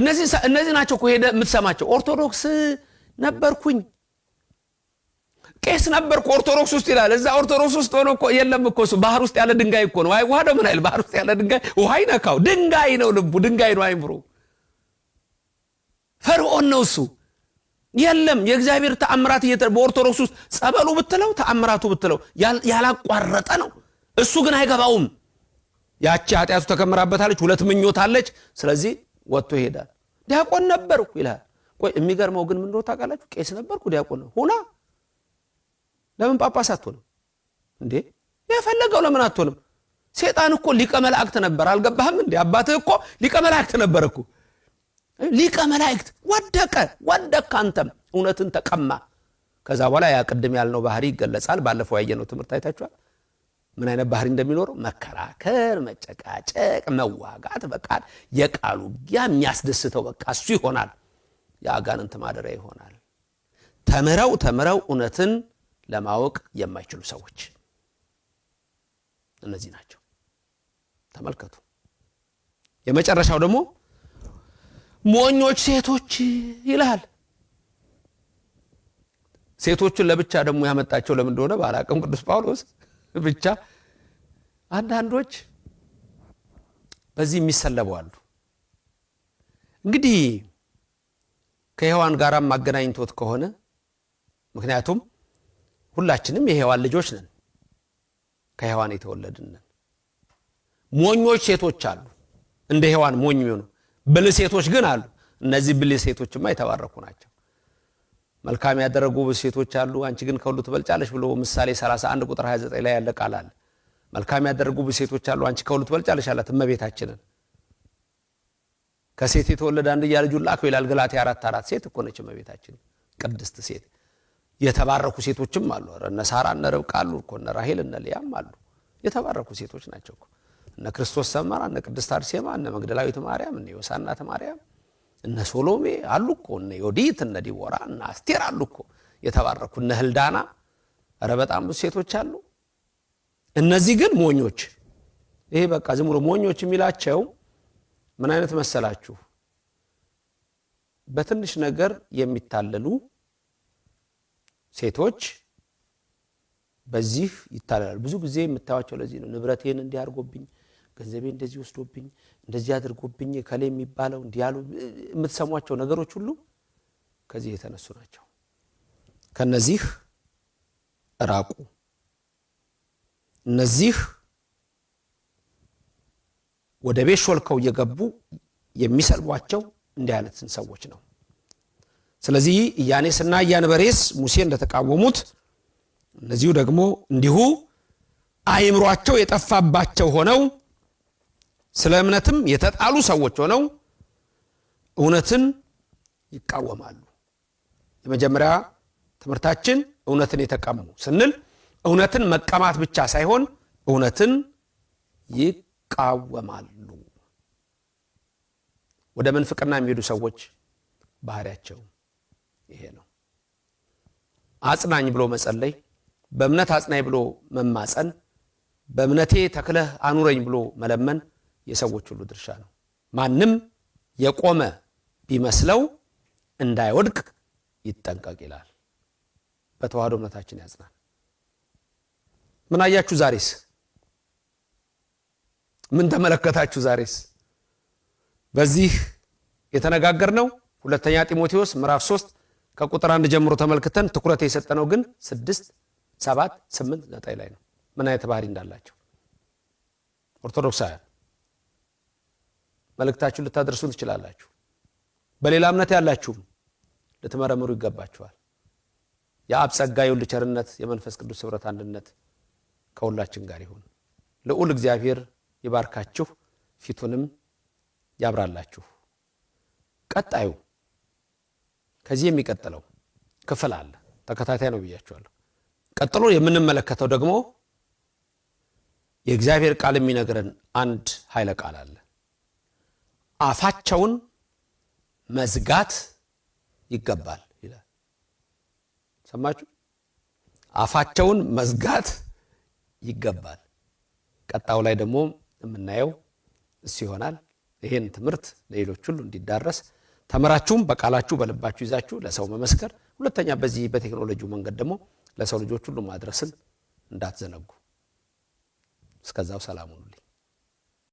እነዚህ ናቸው ሄደ የምትሰማቸው። ኦርቶዶክስ ነበርኩኝ ቄስ ነበርኩ ኦርቶዶክስ ውስጥ ይላል። እዛ ኦርቶዶክስ ውስጥ ሆኖ የለም እኮ እሱ ባህር ውስጥ ያለ ድንጋይ እኮ ነው። ውሃ ነው ምን ባህር ውስጥ ያለ ድንጋይ ውሃ ይነካው ድንጋይ ነው ልቡ ድንጋይ ነው አይምሮ ፈርዖን ነው እሱ። የለም የእግዚአብሔር ተአምራት በኦርቶዶክስ ውስጥ ጸበሉ ብትለው ተአምራቱ ብትለው ያላቋረጠ ነው። እሱ ግን አይገባውም። ያቺ ኃጢአቱ ተከምራበታለች። ሁለት ምኞት አለች። ስለዚህ ወጥቶ ይሄዳል። ዲያቆን ነበርኩ ይልሃል። ቆይ የሚገርመው ግን ምንድነው ታውቃላችሁ? ቄስ ነበርኩ ዲያቆን ነው ሁና ለምን ጳጳስ አትሆንም እንዴ? የፈለገው ለምን አትሆንም? ሴጣን እኮ ሊቀ መላእክት ነበር። አልገባህም እንዴ? አባትህ እኮ ሊቀ መላእክት ነበር እኮ ሊቀ መላእክት። ወደቀ ወደቅ፣ አንተም እውነትን ተቀማ። ከዛ በኋላ ያ ቅድም ያልነው ባህሪ ይገለጻል። ባለፈው ያየነው ትምህርት አይታችኋል። ምን አይነት ባህሪ እንደሚኖረው መከራከር፣ መጨቃጨቅ፣ መዋጋት፣ በቃ የቃሉ ውጊያ የሚያስደስተው በቃ እሱ ይሆናል። የአጋንንት ማደሪያ ይሆናል። ተምረው ተምረው እውነትን ለማወቅ የማይችሉ ሰዎች እነዚህ ናቸው። ተመልከቱ። የመጨረሻው ደግሞ ሞኞች ሴቶች ይላል ሴቶቹን ለብቻ ደግሞ ያመጣቸው ለምን እንደሆነ ባላቅም ቅዱስ ጳውሎስ ብቻ አንዳንዶች በዚህ የሚሰለቡ አሉ። እንግዲህ ከሔዋን ጋራም ማገናኝቶት ከሆነ ምክንያቱም ሁላችንም የሔዋን ልጆች ነን፣ ከሔዋን የተወለድን ነን። ሞኞች ሴቶች አሉ፣ እንደ ሔዋን ሞኝ የሚሆኑ ብል ሴቶች ግን አሉ። እነዚህ ብል ሴቶችማ የተባረኩ ናቸው። መልካም ያደረጉ ሴቶች አሉ፣ አንቺ ግን ከሁሉ ትበልጫለሽ ብሎ ምሳሌ 31 ቁጥር 29 ላይ ያለ ቃል አለ። መልካም ያደረጉ ሴቶች አሉ፣ አንቺ ከሁሉ ትበልጫለሽ አላት እመቤታችንን። ከሴት የተወለደ አንድያ ልጁን ላከው ይላል ገላትያ አራት አራት። ሴት እኮ ነች እመቤታችን፣ ቅድስት ሴት። የተባረኩ ሴቶችም አሉ፣ እነ ሳራ እነ ርብቃ አሉ እኮ እነ ራሄል እነ ሊያም አሉ። የተባረኩ ሴቶች ናቸው እኮ እነ ክርስቶስ ሰማራ እነ ቅድስት አርሴማ እነ መግደላዊት ማርያም እነ ዮሳናት ማርያም እነ ሶሎሜ አሉ እኮ እነ ዮዲት እነ ዲቦራ እነ አስቴር አሉ እኮ የተባረኩ እነ ህልዳና። ረ በጣም ብዙ ሴቶች አሉ። እነዚህ ግን ሞኞች፣ ይሄ በቃ ዝም ብሎ ሞኞች የሚላቸው ምን አይነት መሰላችሁ? በትንሽ ነገር የሚታለሉ ሴቶች በዚህ ይታለላሉ። ብዙ ጊዜ የምታዩቸው ለዚህ ነው። ንብረቴን እንዲህ ገንዘቤ እንደዚህ ወስዶብኝ እንደዚህ አድርጎብኝ ከሌ የሚባለው እንዲያሉ የምትሰሟቸው ነገሮች ሁሉ ከዚህ የተነሱ ናቸው። ከነዚህ ራቁ። እነዚህ ወደ ቤት ሾልከው እየገቡ የሚሰልቧቸው እንዲህ አይነትን ሰዎች ነው። ስለዚህ ኢያኔስና እያንበሬስ ሙሴ እንደተቃወሙት እነዚሁ ደግሞ እንዲሁ አይምሯቸው የጠፋባቸው ሆነው ስለ እምነትም የተጣሉ ሰዎች ሆነው እውነትን ይቃወማሉ። የመጀመሪያ ትምህርታችን እውነትን የተቀሙ ስንል እውነትን መቀማት ብቻ ሳይሆን እውነትን ይቃወማሉ። ወደ ምንፍቅና የሚሄዱ ሰዎች ባህሪያቸው ይሄ ነው። አጽናኝ ብሎ መጸለይ፣ በእምነት አጽናኝ ብሎ መማፀን፣ በእምነቴ ተክለህ አኑረኝ ብሎ መለመን የሰዎች ሁሉ ድርሻ ነው። ማንም የቆመ ቢመስለው እንዳይወድቅ ይጠንቀቅ ይላል። በተዋህዶ እምነታችን ያጽናል። ምን አያችሁ? ዛሬስ ምን ተመለከታችሁ? ዛሬስ በዚህ ነው ሁለተኛ ጢሞቴዎስ ምዕራፍ 3 ከቁጥር አንድ ጀምሮ ተመልክተን ትኩረት የሰጠነው ግን ስድስት ሰባት ስምንት ዘጠኝ ላይ ነው። ምን አይነት ባህሪ እንዳላቸው ኦርቶዶክሳውያን መልእክታችሁን ልታደርሱ ትችላላችሁ። በሌላ እምነት ያላችሁም ልትመረምሩ ይገባችኋል። የአብ ጸጋ የወልድ ቸርነት የመንፈስ ቅዱስ ህብረት አንድነት ከሁላችን ጋር ይሁን። ልዑል እግዚአብሔር ይባርካችሁ፣ ፊቱንም ያብራላችሁ። ቀጣዩ ከዚህ የሚቀጥለው ክፍል አለ፣ ተከታታይ ነው ብያችኋለሁ። ቀጥሎ የምንመለከተው ደግሞ የእግዚአብሔር ቃል የሚነግረን አንድ ኃይለ ቃል አለ። አፋቸውን መዝጋት ይገባል ይላል። ሰማችሁ? አፋቸውን መዝጋት ይገባል። ቀጣው ላይ ደግሞ የምናየው እሱ ይሆናል። ይህን ትምህርት ለሌሎች ሁሉ እንዲዳረስ ተምራችሁም በቃላችሁ በልባችሁ ይዛችሁ ለሰው መመስከር፣ ሁለተኛ በዚህ በቴክኖሎጂው መንገድ ደግሞ ለሰው ልጆች ሁሉ ማድረስን እንዳትዘነጉ። እስከዛው ሰላም ሁኑልኝ።